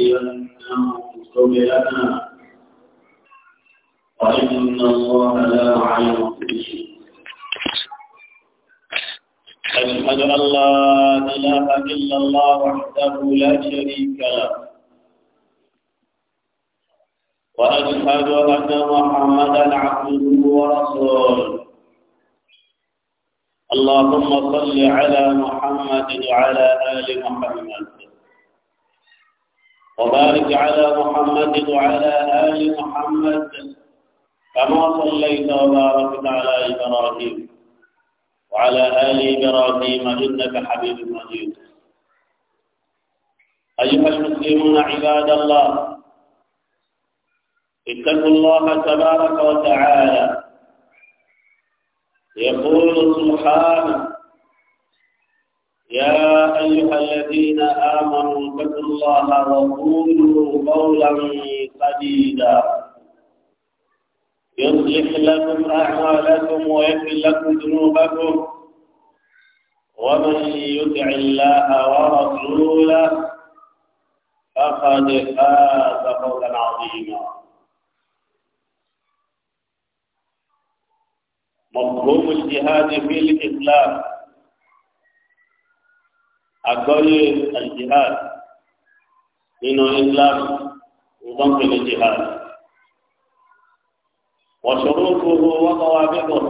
وإن الله أشهد أن لا إله إلا الله وحده لا شريك له وأشهد أن محمدا عبده ورسوله اللهم صل على محمد وعلى آل محمد وبارك على محمد وعلى آل محمد كما صليت وباركت على إبراهيم وعلى آل إبراهيم إنك حبيب مجيد أيها المسلمون عباد الله اتقوا الله تبارك وتعالى يقول سبحانه أيها الذين آمنوا اتقوا الله وقولوا قولا سديدا يصلح لكم أعمالكم ويغفر لكم ذنوبكم ومن يطع الله ورسوله فقد فاز فوزا عظيما مفهوم الجهاد في الإسلام àgbọ́yé aljihad nínú islam nǹkan pẹ̀lú jihad wọ̀ṣọ̀rọ̀ gbogbo wọ́pọ̀ wa bíbọ̀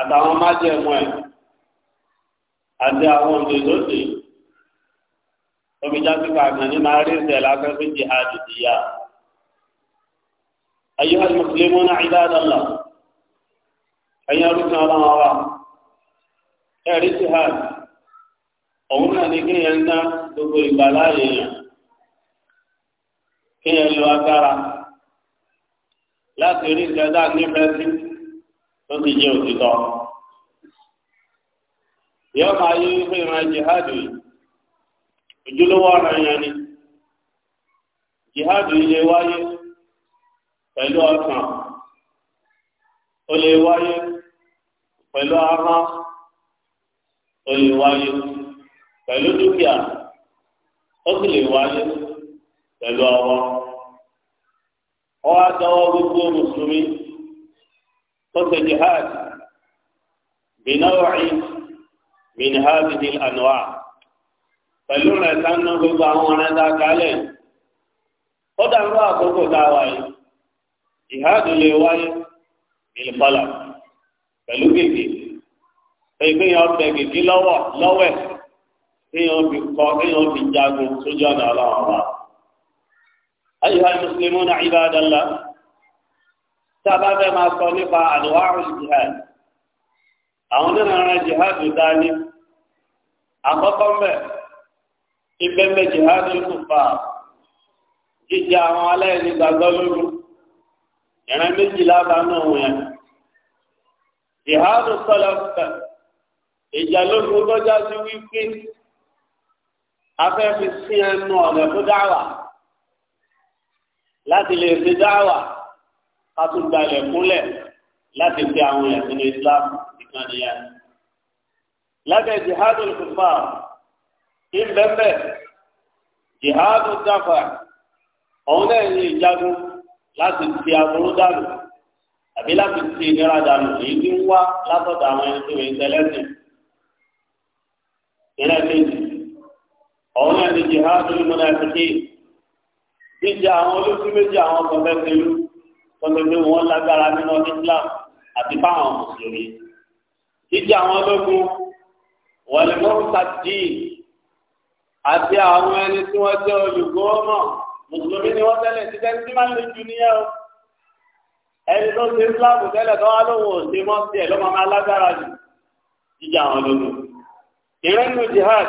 àtàwọn májẹ̀mú ẹ̀ àti àwọn òde lóde omi jásíkà àgbọ̀nì máa rí ìṣẹ̀ lábẹ́ fún jihad ìdíyà ayélujára mùsùlùmí náà ìdádọ́là ẹ̀yìn arúgbó ọlọ́run wa ẹ̀rí jihad. òun náà ní kéèyàn ná gbogbo ìgbà láàyè yàn kéèyàn lo agbára láti rí ìjọba nífẹ̀ẹ́ sí tó ti jẹ́ òtítọ́. yóò máa yí wípé ìran jihadu yìí ojúlówó ọ̀ràn yẹn ni jihadu yìí lè wáyé pẹ̀lú ọkàn ó lè wáyé pẹ̀lú ó lè wáyé. pẹ̀lú dúkìá ó sì lè wáyé pẹ̀lú ọwọ́ ọwọ́ àtọwọ́ gbogbo mùsùlùmí tó ṣe jihad bìnnáwàcí bìnnáhàbìdì ànúwà pẹ̀lú rẹ̀ sánú gbogbo àwọn ọ̀rẹ́ dá kálẹ̀ ó dàrú àkókò tá a wáyé jihad lè wáyé bìnnáfàlà pẹ̀lú gègé pé ìpínyà ọ̀bẹ gègé lọ́wọ́ lọ́wẹ́. kéèyàn fi kọ́ kéèyàn fi jagun sójú ọ̀nà ọlọ́run ọba. ayuha muslimuna ibadallah sábà fẹ́ máa sọ nípa àdúrà jihad àwọn onírànà jihad dání àkọ́kọ́ mbẹ́ ìbẹ́mbẹ́ jihad ló fà jíjẹ àwọn aláìní gbàgbọ́ lójú ìran méjìlá bá náà wọ̀nyẹn jihad afẹ́ fi sí ẹnu ọ̀nà fún dáwà láti lè fi dáwà kátúgbalẹ̀ kúnlẹ̀ láti fi àwọn èèyàn sínú Islam nìkan nìyẹn. lábẹ́ jihadul kufa ìbẹ́fẹ́ jihadul dafa òun náà ní ìjagun láti fi aburú dànù àbí láti fi ìnira dànù èyí ń wá látọ̀dọ̀ àwọn ẹni tó ń tẹ́lẹ̀ sí ọ̀hún náà ni jihadu munafiki jíjẹ àwọn olóṣù méjì àwọn kọfẹ́fẹ́lú kọfẹ́fẹ́ wọn lágbára nínú Islam àti fáwọn mùsùlùmí jíjẹ àwọn ológun wọlẹ́mọ́sàdì àti àwọn ẹni tí wọ́n jẹ́ olùgbọ́mọ̀ mùsùlùmí ni wọ́n tẹ́lẹ̀ ti tẹ́lẹ̀ tí máa ń lè jù níyẹn o ẹni tó ṣe Islam tẹ́lẹ̀ tó wá lóhùn òṣè mọ́ ẹ̀ lọ́mọ máa lágbára jù jíjẹ àwọn ológun ìrẹ́nu jihad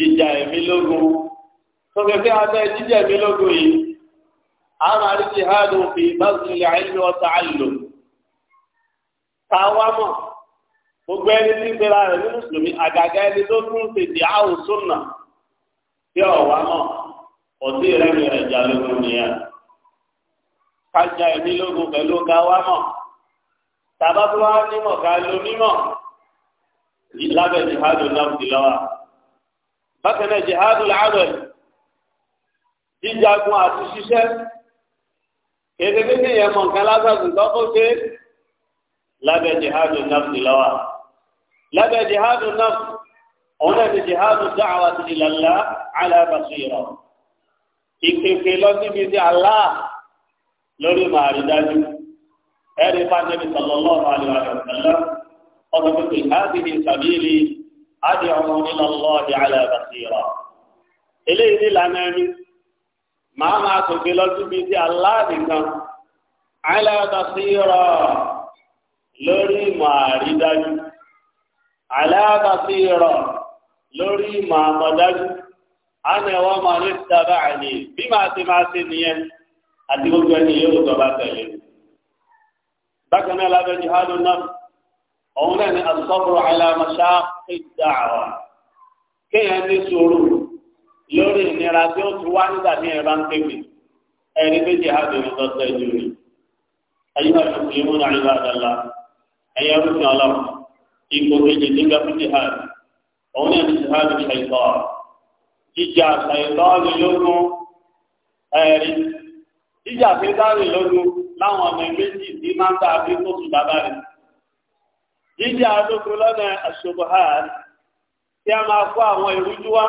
jíjà ẹ̀mí lógun sọ̀kẹ́kẹ́ abẹ́ jíjà ẹ̀mí yìí àwọn àríjì hàdù fi báṣìlẹ̀ àìlú ọ̀tá àlò táwa mọ̀ gbogbo ẹni tí ń pera rẹ̀ ní mùsùlùmí àgàgà ẹni tó tún ti di àwọn tí ọ̀wá mọ̀ ọ̀tí nìyẹn kájà ẹ̀mí pẹ̀lú mọ̀ nímọ̀ ká náà bákan náà jihadu làádọ́lì jíjagun àti ṣiṣẹ́ kéde bí ní ìyẹn mọ̀ nǹkan lásán tó ó ṣe lábẹ́ jihadu nafsi lọ́wọ́ lábẹ́ jihadu nafsi òun náà ti jihadu dáhàwá ti di lọ́la alábàṣe yọ ìpèpè lọ síbi ti Allah lórí màrí dájú ẹ̀rí fáńdébí sallallahu alaihi wa sallam ọ̀sán pípé ábìlì sàbílì adìrún nínú ọlọ́ọ̀dì alábàṣírà eléyìí ní ìlànà ẹni màá máa tòkè lọ síbi tí aláàbì kan alábàṣírà lórí ìmọ̀ àrídájú alábàṣírà lórí ìmọ̀ àmọ̀dájú àmì ẹ̀wọ́n máa ní sábà àní bí màá ti máa ṣe nìyẹn àti gbogbo ẹni yóò tọ́ bá tẹ̀lé bákan náà lábẹ́ jihadu náà òun náà ni asọ́bùrù alámọ̀ṣá ìdáhà kéèyàn ní sùúrù lórí ìnira tí ó ti wá nígbà tí ẹ bá ń kéwì ẹni méjì hábìrin tọ́tọ́ ẹ̀jú rí ẹ̀yìn náà fi mú náà ìlú àdàlà ẹ̀yẹ rúfin ọlọ́run ipò kejì nígbà fún jihad òun náà ni jihad ṣàìtọ́ jíjà ṣàìtọ́ ni lógún ẹ̀rí jíjà ṣàìtọ́ ni lógún láwọn ọmọ méjì ní máa ń tà bí kóòtù bàbá rẹ̀ jíjà ológun lọ́nà àṣubuhàn tí a máa kó àwọn ìrújú wá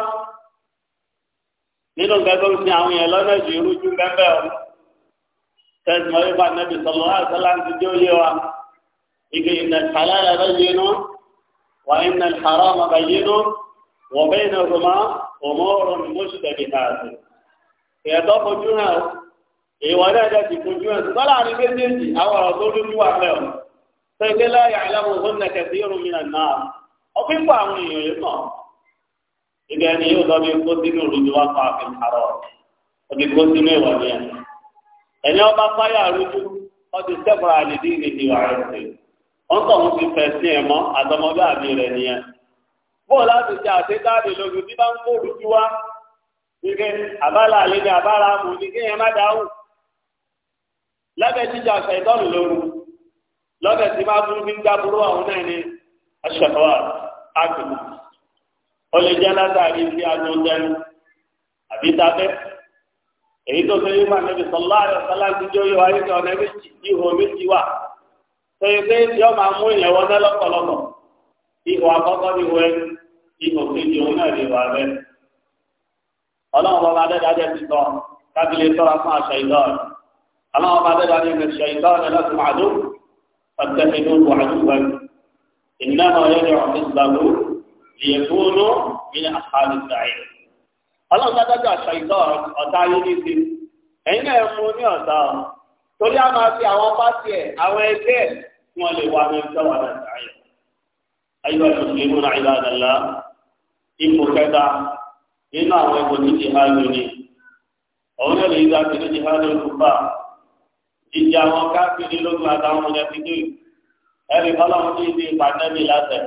nínú gbẹgbẹ ń sin àwọn yẹn lọ́nà ju ìrújú gbẹgbẹ o tẹsán ọyọ bá nàbì sọlọ wà sọlá ti dé oyé wa ike ìnà halala bayyinu wà ìnà harama bayyinu wà bẹ́ẹ̀ nà ọ̀gbọ̀n ọmọọ̀rọ̀ ni mo ṣùgbọ́n bí náà sí. ìyàtọ̀ fojú hàn ìwọ náà fojú hàn sọlá ni sẹ́gbẹ́ láyà aláwọ̀ ọ̀hún nà kẹsì yóò rún mi nà náà ọ̀fin kọ́ àwọn èèyàn yìí mọ̀ ibi ẹni yóò lọ bí kó sínú òrùjọ wá fún àfin àrọ̀ ọdí kó sínú ìwà ni ẹ̀ ẹni ọba fáyà rújú ọdí sẹ́kọ̀rọ̀ àdìdí ìdìdì wà rẹ̀ sí wọ́n tọ̀ wọ́n ti fẹ̀ sí ẹ̀ mọ́ àtọmọdé àmì rẹ̀ nìyẹn bóò láti ṣe àṣekáàdì lójú tí bá ń kó rújú wá wípé àbálà àlejò àbára mú ní kéèyàn má dáhùn lábẹ́ jíjà ṣẹ̀tọ́nù lóru lọ́dẹ̀ tí bá tún fi ń dábúrú àwọn náà ni aṣọ̀tọ́wà àgbègbè ó lè jẹ́ látàrí tí a tó dẹnu àbí tábẹ́ èyí tó fẹ́ yí máa nẹ́bi sọ̀lá rẹ̀ sọ́lá ti jó yọ ayé kan nẹ́bi ihò méjì wà tó pé yọ máa mú ìyẹn wọlé lọ́pọ̀lọpọ̀ ihò àkọ́kọ́ ni wẹ́ ihò kejì òun náà lè wà bẹ́ẹ̀ ọlọ́run bọ́ba adẹ́dájẹ́ ti tọ́ kábílẹ̀ tọ́ra fún àṣà ìdọ́ọ̀rẹ́ ọlọ́run bọ́ba adẹ́dájẹ́ ti ṣe فاتخذوه عدوا إنما يدعو حزبه ليكونوا من أصحاب السعير ọlọ́run dájọ́ àṣàyíkọ́ ọ̀tá ayé ní ti ẹ̀yin náà mú ní ọ̀tá ọ̀ torí a máa fi àwọn pàṣẹ ẹ̀ àwọn ẹgbẹ́ ẹ̀ tí wọ́n lè wà ní ọjọ́ wà láti ààyè. ayé ọ̀sùn lè múra ìlà àdàlà ipò kẹta nínú àwọn ẹgbẹ́ ní jihadu ni òun náà lè yí dájú ní jihadu kúbà ìjà àwọn káfíìnì lógun àtàwọn mọ̀lẹ́bí ẹ̀rí ọlọ́run ní ibi ìpàdánì láṣẹ.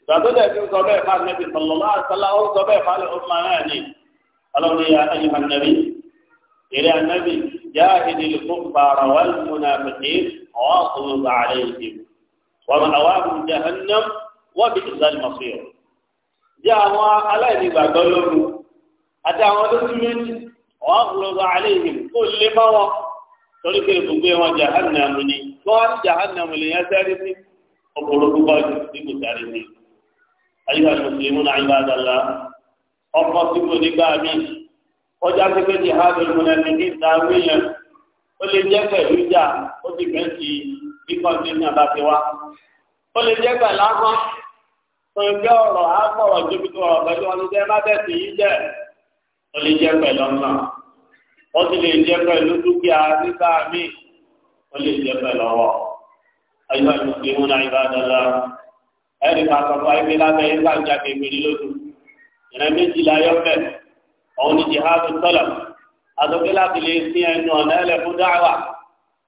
ìgbàgbọ́dọ̀ ẹ̀sìn sọ bẹ́ẹ̀ fáwọn ẹ̀sìn sọlọ́lá àṣálá ó sọ bẹ́ẹ̀ fáwọn ọmọ náà ni ọlọ́run yà ẹ̀yìn mọ̀lẹ́bí. eré anábì yá ìdí lùkún bàrà wà lùmùnà àbẹ̀tì ọ̀wá ọ̀sùn bàrà ìdí. wà á wà mú jahannam wà bí ìsàlì mọ̀síọ̀ torí pé ibùgbé wọn jahannamu ni wọn á ní jahannamu lè yẹn sẹ́rí sí ọ̀pọ̀lọpọ̀ púpọ̀ jù bí kò sáré sí. ayé àti mùsùlùmí náà ayé àdàlà ọkọ̀ sípò nígbà mí ọjà pípé ti ha bẹ̀rù múlẹ̀ ní kí ta wíyẹn ó lè jẹ́ pẹ̀lú ìjà ó sì fẹ́ sí bí kọ́ńtínà bá ti wá ó lè jẹ́ pẹ̀lú ahọ́n pẹ̀lú ọ̀rọ̀ akọ̀rọ̀ jókòtò ọ̀rọ̀ pẹ̀lú ọ̀nùtẹ́ má bẹ̀ sí í ó lè jẹ́ pẹ̀lú ọ̀nà wọ́n ti lè jẹ́ pẹ̀lú dúkìá nígbà míì wọ́n lè jẹ́ pẹ̀lú ọwọ́. ayé wa ló fi hún náà ìbára lọ. ẹ̀rì máa sọ fún ayé lábẹ́ yín láti jáde ìgbèrè lójú. ìrìn méjì la yọ fẹ́. òun ni jihadu tọ́lọ̀. àtọ́kẹ́ láti lè sin ẹnu ọ̀nà ẹlẹ́ fún dáhàwá.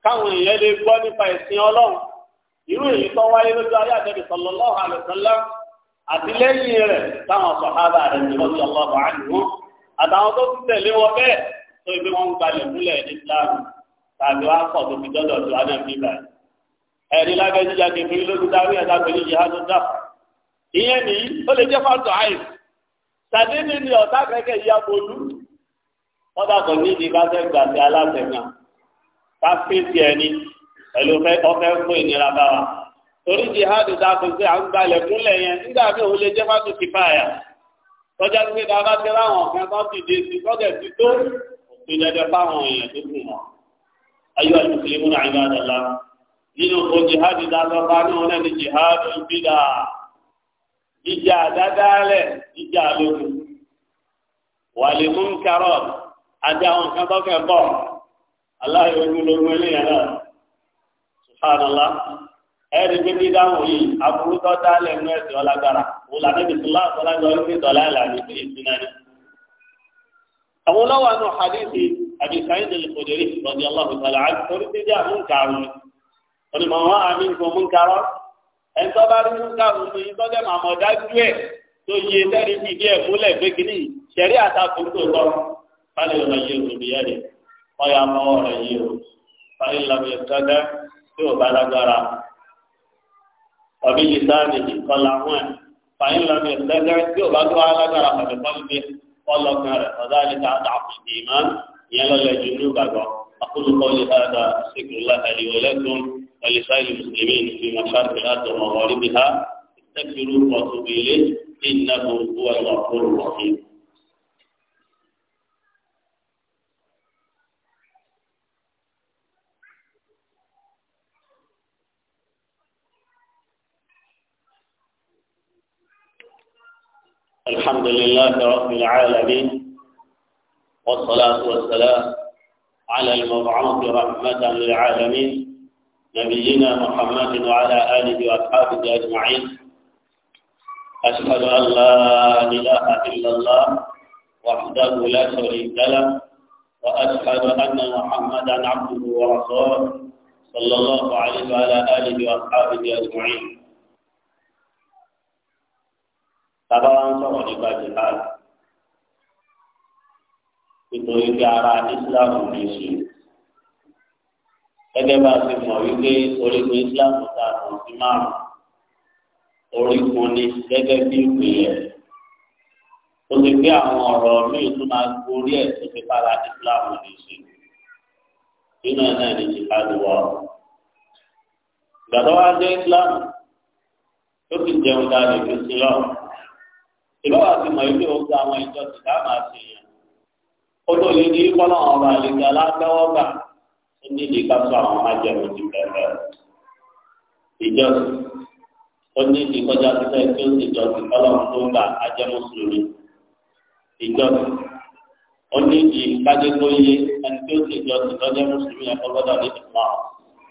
káwọn èèyàn lè gbọ́ nípa ìsìn ọlọ́run. irú èyí tó wáyé lójú ayé àtẹ̀bí sallallahu alaihi wasallam àtìlẹ́yìn rẹ̀ táwọn sọ̀hábà rẹ̀ ní wọ́n ti ọlọ́run àdìgún àtàwọn tó ti tẹ̀lé wọn bẹ́ẹ̀ tó ibi wọn ń gbalẹ̀ múlẹ̀ ní Islam tàbí wọn kọ̀ tó fi dọ́dọ̀ tó adé mi báyìí. ẹ̀rí lábẹ́ jíjà kẹfìrí lórí dáwé ẹ̀dá pẹ̀lú jihadu dáfà. ìyẹn nìyí ó lè jẹ́ fáwọn tó àìs. tàbí mi ni ọ̀tá kẹ̀kẹ́ ìyá bolú. wọ́n dàtọ̀ ní ìdí káṣẹ́ gbàtẹ́ alátẹ̀gàn. ká fèsì ẹni pẹ̀lú ọ̀fẹ́ fún ìnira bá wa. torí jihadu dáfà sí à ń gbalẹ̀ múlẹ̀ yẹn nígbà mi ò lè jẹ́ fáwọn tó ti fáyà. tọ́jà ìdẹ̀dẹ̀ fáwọn èèyàn tó kù wọn. ayé wa náà ìlú àdàlá nínú kó jihad ìdásọ́fà náà náà ni jihad ìbílà ìjà àdádálẹ̀ ìjà wàlẹ̀ mú kárọ̀ kan tó bọ̀ aláyọ̀ ojú náà dáhùn yìí aburú tó dálẹ̀ mú ọlágbára àwọn ọlọ́wọ́ àná hadithi àbí sàyìn lè kò dérí lọ́dí aláwọ̀ ìtàlá àti torí ti jẹ́ àmúǹkarù ni onímọ̀ wọn àmì nǹkan múǹkarọ́ ẹni tó bá rí múǹkarù ni tó jẹ́ màmọ́ dájú ẹ̀ tó yẹ sẹ́ni fi bí ẹ̀ múlẹ̀ pé kìíní ṣẹ̀rí àtàkùn tó tọ́ fálẹ̀ ọ̀nà yìí rò bí yẹ́rì ọ̀yà mọ́ ọ̀rọ̀ yìí rò fálẹ̀ ìlànà ìtọ́jẹ́ tí ò bá lágbára ọ̀bí yìí sáà nìyí kọ́lá wọn fàyín lọ́nà ìtọ́jẹ́ ọlọ́kan rẹ̀ ọ̀dá àlẹ́ta àtàkù ìmọ̀ ìyẹn lọ́lẹ̀ jù ní ìgbàgbọ́ أقول قولي هذا أستغفر الله لي ولكم ولسائر المسلمين في مشارق الأرض ومغاربها استغفروه وأتوبوا إليه إنه هو الغفور الرحيم الحمد لله رب العالمين والصلاة والسلام على المبعوث رحمة للعالمين نبينا محمد وعلى آله وأصحابه أجمعين أشهد أن لا إله إلا الله وحده لا شريك له وأشهد أن محمدا عبده ورسوله صلى الله عليه وعلى آله وأصحابه أجمعين bàbá wa ń sọ̀rọ̀ nípa jihad nítorí pé ara islam ní í ṣe gẹ́gẹ́ bá a ti mọ̀ wípé orígun islam ta kàn sí márùn orígun ni gẹ́gẹ́ bí ìpìlẹ̀ ó ti gbé àwọn ọ̀rọ̀ míì tó máa gorí ẹ̀ tó fi bára islam ní í ṣe nínú ẹ̀ náà ní jihad wà gbàdọ́ wa dé islam tó fi jẹun dáadé fi sí lọ́rùn ìlọ́wọ́ àti mọ̀ ilé oúnjẹ àwọn ìjọ ti dá máa ṣe yẹn ó tó lè ní kọ́nà ọ̀rọ̀ àlejò alágbẹ́wọ́gbà ó ní ìdí ká tó àwọn májẹ̀mú ti bẹ̀rẹ̀ ìjọ ó ní ìdí kọjá títẹ̀ tí ó ti jọ sí kọ́nà tó gbà ajẹ́mùsùlùmí ìjọ ó ní ìdí kájé tó yé ẹni tí ó ti jọ sí kọ́jẹ́ mùsùlùmí ẹ̀kọ́ ní ìmọ̀ ó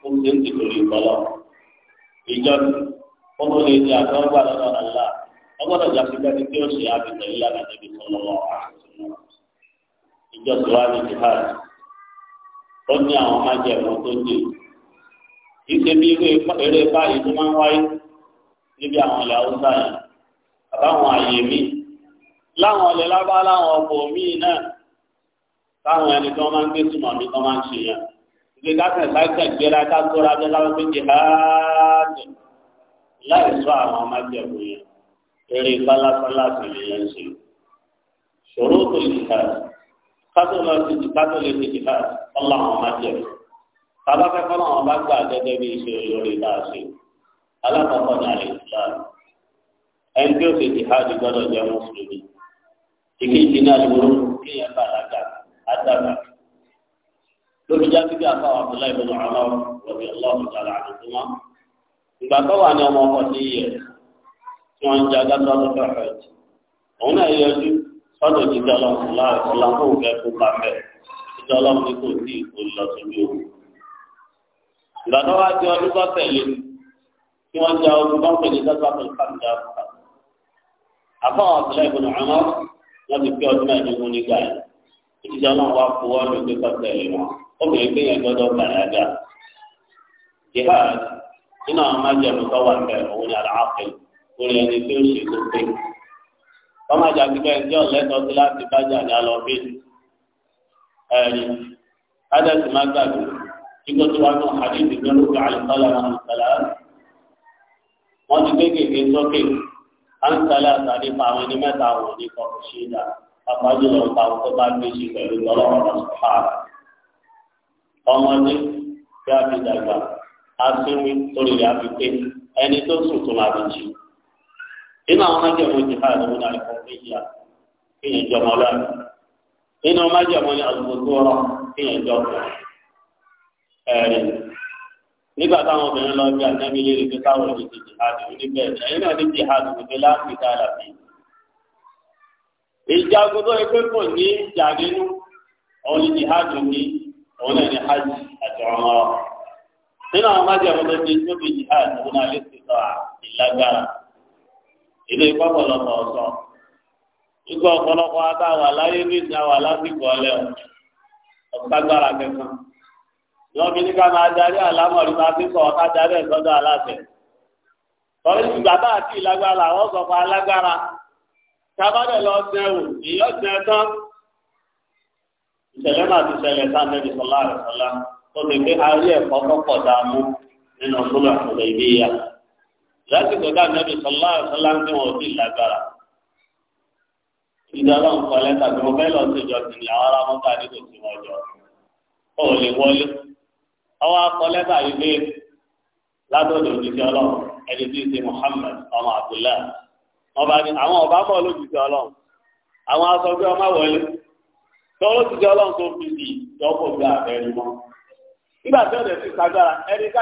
ti ń tìtorí kọ́nà ìjọ ó tó lè di àgbẹ̀wọ́gbà ọgbọ́dọ̀ gbàgbé gbàgbé pé ó ṣe àbẹ̀tẹ̀ yìí lánàá níbi sọ́nà wọn ìjọ tó wá ní jihad ó ní àwọn májẹ̀mú tó dé ìṣe bí eré báyìí tó máa ń wáyé níbi àwọn ilẹ̀ haúsá yẹn àbáwọn àyè míì láwọn ilẹ̀ lábá láwọn ọkọ̀ míì náà táwọn ẹni tó máa ń gbé sùnmọ̀ mi tó máa ń ṣe yẹn ìgbé kákan ìsáìsàn ìgbéra ká tóra jẹ́ láwọn pé jihad láì sọ àwọn májẹ̀mú yẹn eré fáláfálá sì lè yẹn ṣe ṣòro tó lè ká kátó lọ sí ti kátó lè ti ká ọlọ́run má jẹ tábà fẹ́ kọ́ lọ́wọ́ bá gbà gẹ́gẹ́ bí iṣẹ́ olórí bá a ṣe alákọ̀ọ́kọ́ ní alẹ́ ìsìlámù ẹni tí ó ṣe ti ká ti gbọ́dọ̀ jẹ́ mùsùlùmí ìkejì ní alùpùpù kéèyàn bá àlàkà àdàbà lórí jáde bí afa Abdullahi bin Umar wàbí Allah ta'ala àdùnnú ìgbà tó wà ní ọmọ ọkọ sí yẹ wọn ń jaga sọ́dọ̀ fẹ́fẹ́ jù òun náà yọjú sọ́dọ̀ jíjẹ ọlọ́run láàrín ọlá tó wù fẹ́ kó bá fẹ́ jíjẹ ọlọ́run ní kò sí ìkó lọ sójú òun. ìgbà tó wá di ọdún kan tẹ̀lé tí wọ́n ja ogun kan pè ní sọ́dọ̀ kàńdà àfọwọ́ ọ̀sẹ̀ ìbùnú àmọ́ wọ́n ti fi ọdún mẹ́ẹ̀ẹ́dógún nígbà yìí ìjíjẹ ọlọ́run wá fún wọn ló gbé lé wọn obìnrin orí ẹni tí ó ṣe tó pé ọmọ àjàgbé bẹ́ẹ̀ ní ọ̀lẹ́tọ̀ sí láti bájà ní alọ́bí ẹ̀rí ádẹ́sì má gbàgbé igbó tó wà nù àdéhùn tó lókè àlùfáàlà wọn àlùfáàlà wọn ti gbé gègé sókè àǹtálẹ̀ àtàdé pa àwọn ẹni mẹ́ta wọn ní kọ̀ọ̀kan ṣe é dà àpájọ lọ pa àwọn tó bá gbé ṣe pẹ̀lú ọlọ́run ọ̀sán fáàrà ọmọdé bí a fi dàgbà a ti wí torí a fi pé ẹni tó sùn tó máa fi jì inú àwọn májèmó jihad wọn náà kọ fìyà kéèyàn jọ ọmọ lọ́nà inú ni ọ̀rọ̀ ọ̀rọ̀ nígbà táwọn obìnrin lọ bí lè rí pé táwọn ti wọn náà wọn ìjagun tó yẹ pé kò ní òun ni ní òun náà hajj àti ọmọ àwọn ilé ìpọ́pọ̀lọpọ̀ ọ̀sọ́ ikú ọ̀pọ̀lọpọ̀ ata wà láyé ní ìta wà lásìkò ọ̀lẹ́ ọ̀ságbára kankan lọ́bi ní ká máa darí àlámọ̀rí máa fi kọ́ ọ̀ká darí aláṣẹ. ìgbà bá àti ìlágbára àwọn sọ alágbára sábàdàn lọ sẹ́wò ìyọ́ sẹ́ tán. ìṣẹ̀lẹ̀ náà ti ṣẹlẹ̀ sọlá àrẹ̀sọlá tó ti gbé arí ẹ̀kọ́ lásìkò tá nàbì sọlá sọlá ń tẹ̀wọ̀n sí lágbára ìdáná nǹkan lẹ́tà tí mo fẹ́ lọ sí ìjọsìn ní àwọn arámọ́tà ní kò sí wọn jọ ó lè wọlé àwọn akọ lẹ́tà yìí dé látọ̀dọ̀ òjijì ọlọ́run ẹni tí ń ṣe Muhammad ọmọ Abdullahi wọn bá ní àwọn ọba bọ̀ lójijì ọlọ́run àwọn asọ́gbé ọmọ wọlé tọ́lọ́ ti jẹ́ ọlọ́run tó fi di ìjọ́pọ̀ bí abẹ́rẹ́ mọ́ nígbà tí ó lè fi sagbára ẹni ká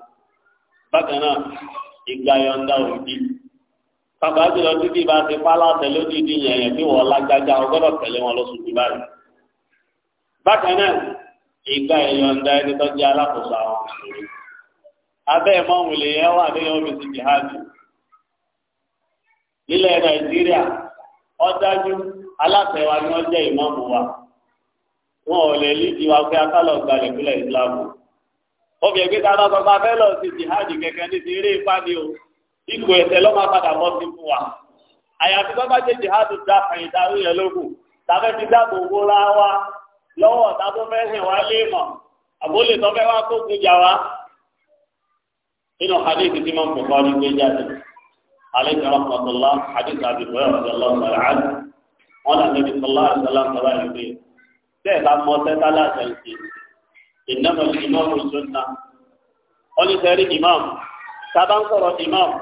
bákan náà ìgbà yọ̀ǹda òbí pàpà jùlọ títí bá ti pa láti lódìdí yẹn yẹn tí wọ́n lágbájá o gbọ́dọ̀ tẹ̀lé wọn lọ sùn báyìí bákan náà ìgbà yọ̀ǹda ẹni tó jẹ́ alákòóso àwọn òṣèré abẹ́ ìmọ̀ọ́mù lè yẹn wà ní omi ti jihadi nílẹ̀ nàìjíríà ọ̀dájú alátẹ̀wá ni wọ́n jẹ́ ìmọ̀ọ́mù wa wọn ò lè lídìí wa pé akálọ̀ gbalẹ̀ ìpínlẹ̀ ìsìlámù ọbẹ̀ gbé ta lọ́sọ̀ bá fẹ́ lọ sí jihadi kẹ̀kẹ́ ní ti eré ipá ni o ipò ẹ̀sẹ̀ lọ́ máa padà bọ́ sí fún wa. àyàfi tó bá jẹ́ jihadi dá àyíká ló yẹ lókù tàbẹ́ ti dáàbò owó ra wa lọ́wọ́ ta tó fẹ́ hẹ̀ wá lé mọ̀ àbólè tó fẹ́ wá kó kun jà wá. inú hadith tí mo ń pè kọ́ni gbé jáde alẹ́ jọ̀rọ̀ pọ̀tọ́lá hadith àbí bọ́yọ̀ ọ̀dọ́ lọ́sọ̀rọ̀ ìnáwó ìmáàmù sunna wọ́n ní sẹ́rí ìmáàmù sábà ń sọ̀rọ̀ ìmáàmù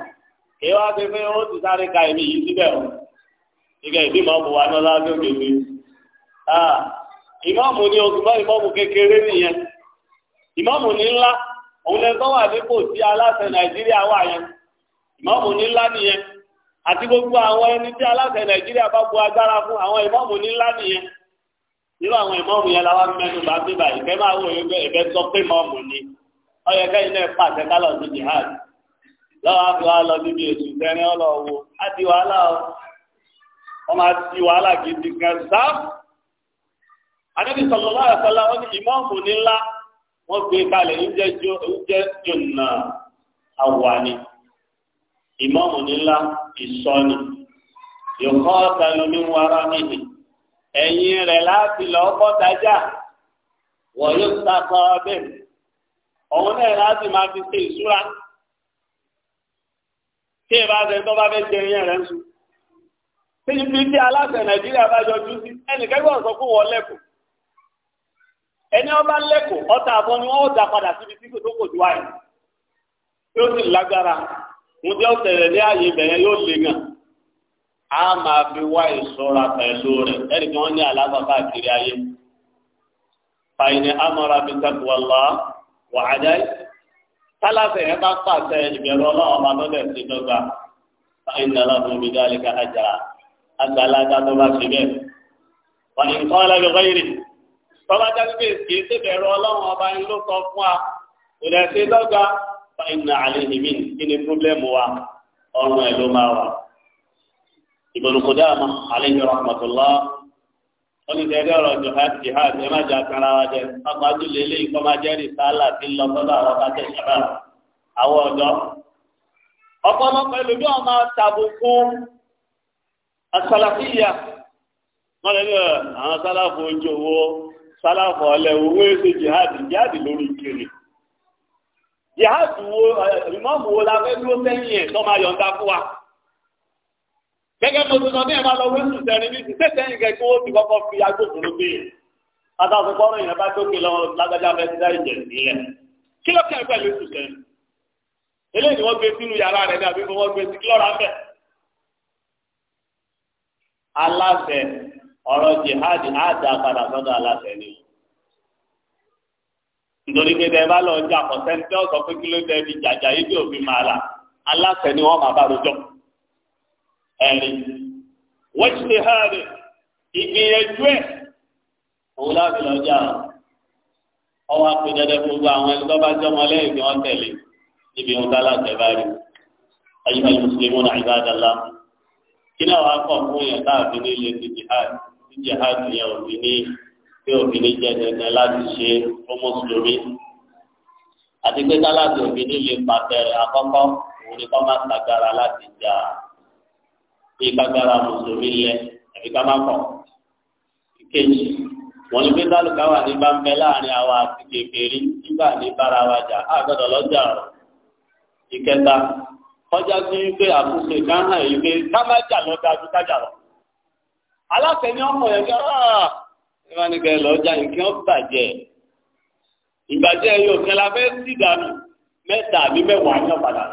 èyí wá fi fẹ́ ó ti sáré ka èmi yìí síbẹ̀ o ìgbà ìdí ìmáàmù wa lọ́la ló kéde ìmáàmù ni oṣù bá ìmáàmù kékeré nìyẹn ìmáàmù ní ńlá òun lẹ́tọ́ wà nípò tí aláṣẹ nàìjíríà wà yẹn ìmáàmù ni ńlá nìyẹn àti gbogbo àwọn ẹni tí aláṣẹ nàìjíríà bá bu agbára fún àwọn ìmáàmù ní ńlá nìyẹn irú àwọn ìmọ̀ọ́mù yẹn làwọn mẹ́nu bá gbé báyìí ìfẹ́ máa wò ẹgbẹ́ ẹgbẹ́ sọ pé mọ́ọ̀mù ni ọyọ kẹ́yìn náà pàṣẹ ká lọ sí jihad lọ́wọ́ àfi wá lọ síbi èsù tẹ́rin ọ lọ wo á di wàhálà ọ ọmọ àti wàhálà gidi kan sáà àdébí sọlọ́lá àṣọlá wọn ni ìmọ̀ọ́mù ní ńlá wọ́n gbé kalẹ̀ oúnjẹ jòna àwàní ìmọ̀ọ́mù ní ńlá ìsọ́ni yòókọ́ ọ̀tà lómi ẹ̀yìn rẹ̀ láti lọ bọ́tajà wọ́n yóò sàkọ́ bẹ́ẹ̀ ọ̀hún náà láti máa fi ṣe ìṣúra tí ìbá ṣe tó bá fẹ́ jẹ ìyẹn rẹ̀ ń sùn. tí ibi tí aláṣẹ nàìjíríà bá yọjú sí ẹnìkẹ́gbọ́n sọ fún wọn lẹ́kọ̀ọ́ ẹni ọba lẹ́kọ̀ọ́ ọta àbọ̀ ni wọ́n ó dà padà síbi tí kò tó kò ju àyè tí ó sì lágbára mo jẹ́ òtẹ̀rẹ̀ ní ààyè ibẹ̀ yẹn yóò le gan a máa fi wá ìṣọ́ra pẹ̀lú rẹ̀ ẹ̀rí kí wọ́n ní alábàbà kiri ayé fàyìnì amọ̀ra fi tẹ̀kù wà á jẹ́ tálàfẹ̀ ẹ̀ bá pàṣẹ ìbẹ̀rù ọlọ́run ọba tó bẹ̀ dọ́gba fàyìnì aláàbò mi dá àlíkà àjà àgbàlagbà tó bá ṣe bẹ́ẹ̀ ní tọ́ba jáde ọlọ́run ọba fún wa ìrẹsì Ibn Qudama alayhi rahmatullah wọn ní tẹ́lẹ̀ ọ̀rọ̀ jihad jihad ẹ má jẹ́ akara wa jẹ pàpàjù lélẹ́ ikọ́ máa jẹ́ rìsálà tí ń lọ sọ́dọ̀ àwọn bàtẹ́ ìṣẹ̀bà àwọn ọ̀dọ́. ọ̀pọ̀lọpọ̀ ẹlòmí ọ̀ máa tàbùkù asàlàfíyà wọn lè ní àwọn sálàfù ojú owó sálàfù ọ̀lẹ̀ owó èso jihad jihad lórí kiri jihad wo ìmọ̀ọ́mù eh, wo la fẹ́ dúró sẹ́yìn ẹ̀ tó máa yọ̀ǹda fún wa gẹ́gẹ́ bí oṣù sọdún yẹn máa lọ wí sùn sẹ́rin ní títẹ̀ sẹ́yìn kẹ́kẹ́ ó ti kọ́kọ́ fi agbófinró bí yẹn látàkùn kọ́rọ̀ yẹn bá tókè lọ́wọ́ lágbájá fẹ́ sísá ìjẹ̀ sílẹ̀ kí ló kẹ́ pẹ̀lú oṣù sẹ́rin eléyìí wọ́n gbé sínú yàrá rẹ̀ ní àbí wọ́n gbé sí kílọ̀rà ń bẹ̀. ọ̀rọ̀ jihad á dá padà sọ́dọ̀ aláṣẹ ni nítorí pé tẹ bá lọ jà kọ́sẹ́ńtẹ́ ọ̀sọ́ pé kí ló tẹ fi jàjà yìí tí òfin máa là aláṣẹ ni wọ́n máa bá rojọ́ ẹ̀rí wọ́ọ̀tì hàdì ìgbìyànjú ẹ̀ òun láti lọ́jà ọwọ́ àpè dandan gbogbo àwọn ẹni tó bá jẹ́ ọmọ lẹ́yìn tí wọ́n tẹ̀lé níbi ohun tálà tẹ̀lé rí ayé ayé mùsùlùmí náà ìgbà dàlá kí náà wàá kọ̀ fún yẹn káàfin ní ilé ti jihad ti jihad yẹn òfin ní pé òfin ní jẹ dandan láti ṣe fún mùsùlùmí àti pé tálà tó òfin ní ilé pàtẹ àkọ́kọ́ òun ni kọ́ máa tagbára láti jà á. bí kágbára mùsùlùmí lẹ àbí ká má kọ ìkejì wọn ni pétálù káwà ní bá láàrin àwa àti kékeré nígbà ní bára wa jà á gbọ́dọ̀ rọ ìkẹta kọjá sí wípé àtúnṣe kan yìí ká lọ dájú kájà lọ aláṣẹ ọmọ yẹn ah! bàjẹ́ yóò sì dànù mẹ́ta àbí mẹ́wàá ní ọ̀padà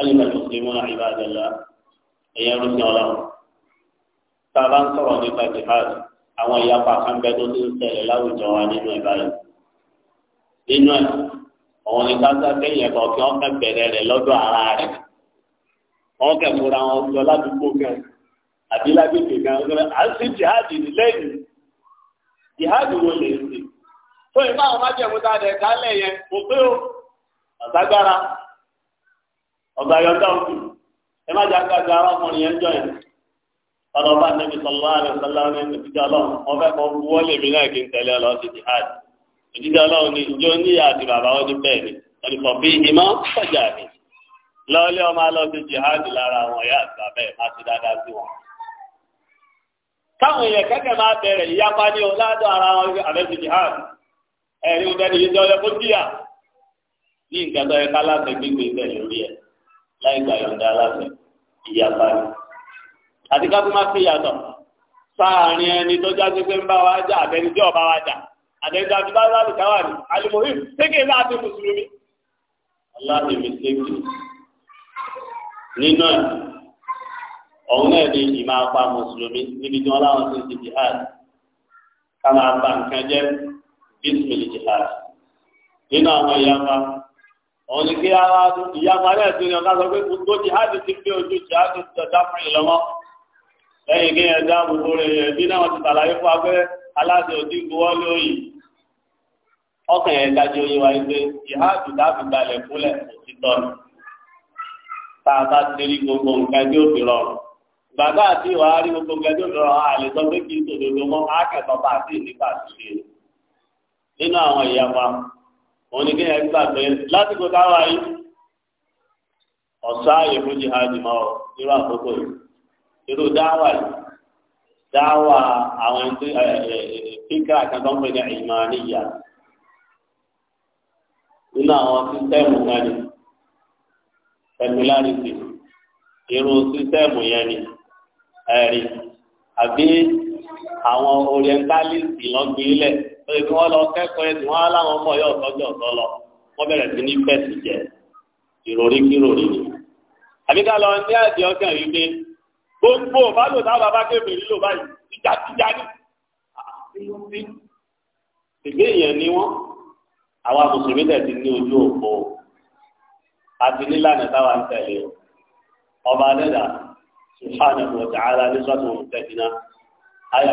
alima muslimuna ibadallah ẹ̀yẹ rúṣin ọlọ́run tá a bá ń sọ̀rọ̀ nípa jihad àwọn ìyapa kanbẹ tó ti ń ṣẹlẹ̀ láwùjọ wa nínú ẹ̀ báyìí nínú ẹ̀ àwọn ní káṣá kéèyàn kan kí wọ́n fẹ́ bẹ̀rẹ̀ rẹ̀ lọ́dọ̀ ara rẹ̀ wọ́n kẹ̀ múra wọn jọ ládùúgbò kan àbí lágbègbè kan ọ̀gbẹ́rẹ́ à ń sí jihad lẹ́yìn jihad wo lè ṣe fún ìfáwọn májẹ̀mú tá a yẹn kò pé o àtàgbára ọgbà yọjọ òkú ẹ má jà gbàgbé arákùnrin yẹn jọ yẹn ọlọba nẹbi sọlá rẹ sọlá rẹ ìdíjà Ọlọ́run wọn fẹ́ kọ wọ lèmi náà kí n tẹ̀lé ọ lọ sí jihad ìdíjà Ọlọ́run ni ìjọ níyà àti bàbá wọn ní bẹ́ẹ̀ ni ẹnìkan bí ìmọ sọjà mi lọlé ọmọ alọ sí jihad lára wọn yá àti bàbá ẹ má ti dáadáa sí wọn. káwọn èèyàn kẹ́kẹ́ máa bẹ̀rẹ̀ ìyapa ní o ládọ̀ ara wọn àbẹ́ sí jihad ẹ̀rí ọdẹ nìyí jọ yẹ kó díyà ní nǹkan yẹ ká láti gbígbé bẹ́ẹ̀ lórí ẹ̀ láì gbà yọ̀ǹda aláṣẹ ìyapa rẹ̀. àti ká tó má fi yàtọ̀ sáàárín ẹni tó jáde pé ń bá wa jà àtẹni tí ọba wa jà àtẹni tí a ti bá láti káwà ní alimohim sékè láti mùsùlùmí. aláàbẹ̀ mi sékè nínú ẹ̀ ọ̀hún náà ni ìmọ̀ apá mùsùlùmí níbi tí wọ́n láwọn ti ń ti jihad ká máa ba nǹkan jẹ́ bísímìlì jihad nínú àwọn ìyapa òun ni kí ara ìyá parí ẹ̀sìn ni ọ̀gá sọ pé gbogbo jihadi ti fi ojú jihadi ti ọ̀dá fún ìlú wọn lẹ́yìn kí ẹ̀dá gbogbo rẹ̀ ẹ̀bí náà ti tàlàyé fún abẹ́ aláṣẹ òdì gbowó lóyìn ọkàn yẹn dájú oyè wa pé jihadi dábì balẹ̀ fúnlẹ̀ òtítọ́ ni tá a bá ti rí gbogbo nǹkan tí ó fi rọrùn gbàgbá àti ìwà rí gbogbo nǹkan tí ó fi rọrùn àlè sọ pé kí n tòdodo mọ́ akẹ́kọ̀ọ́ bá a wọn ni kéèyàn gbà pé lásìkò táwa yìí ọ̀sá ìlú jihadi máa irú àkókò yìí irú dáwà yìí dáwà àwọn ẹni tí píkà kan tó ń pè ní ìmọ̀ọ́nìyà nínú àwọn sísẹ́ẹ̀mù náà ni ẹ̀mílárìtì irú sísẹ́ẹ̀mù yẹn ni ẹ̀rí àbí àwọn orientalist lọ́gbìn ilẹ̀. lórí kí wọ́n lọ kẹ́kọ̀ọ́ ẹ̀sìn wọn aláwọn ọmọ yóò tọ́jú ọ̀tọ́ lọ wọ́n bẹ̀rẹ̀ sí ní pẹ́ẹ́sì jẹ ìròrí kí ròrí ni. àbí ká lọ ní àdìẹ ọkàn yìí pé gbogbo bálò táwọn bàbá kébè nílò báyìí tíjátíjá ní. ìgbé èèyàn ni wọ́n àwa mùsùlùmí tẹ̀ ti ní ojú òpó àti nílànà táwa ń tẹ̀lé ọba adẹ́dà subhanahu wa ta'ala ní sọ́tún tẹ̀síná ayà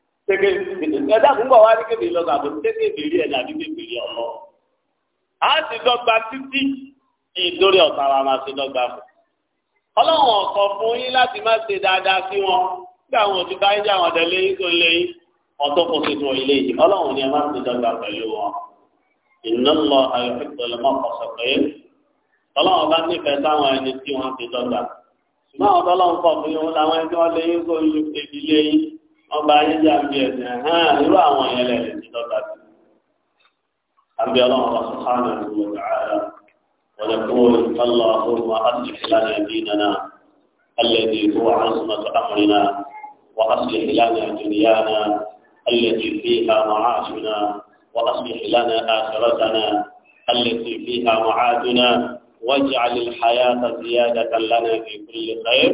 tẹkẹ ẹdá kúńgbà wa ní kébìrì lọ gàdó tẹkẹ ìbèrè ẹdá ní kébìrì ọlọ a ti dọ́gba títí ìdórí ọ̀tá wa máa ṣe dọ́gba fún ọlọ́run ọ̀kọ̀ fún yín láti má ṣe dáadáa sí wọn bí àwọn òbí bá ń jà wọn tẹ̀lé yín tó lé yín ọ̀tọ̀ kò sí fún ilé yìí ọlọ́run ni ẹ má ṣe dọ́gba pẹ̀lú wọn iná lọ ayọ̀kẹ́tọ̀lẹ̀ mọ́ ọ̀sẹ̀ pé ọlọ́run bá nífẹ̀ẹ́ sáwọn ẹni tí wọ́n ti dọ́gba ṣùgbọ́n àwọn tọ́lọ́run fún yín láwọn ẹni tí wọ́n lé yín kó ọba ayéjì àbí ẹ̀sìn hàn irú àwọn tí wa wọ́n wọ́n أصلح لنا ديننا الذي هو عصمة أمرنا وأصلح لنا دنيانا التي فيها معاشنا وأصلح لنا آخرتنا التي فيها معادنا واجعل الحياة زيادة لنا في كل خير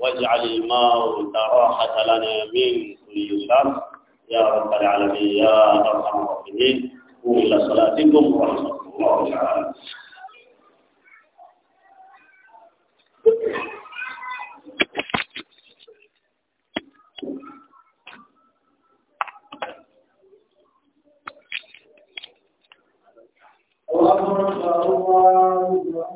واجعل الموت راحة لنا من كل شر يا رب العالمين يا أرحم الراحمين قوموا إلى صلاتكم ورحمة الله تعالى الله أكبر الله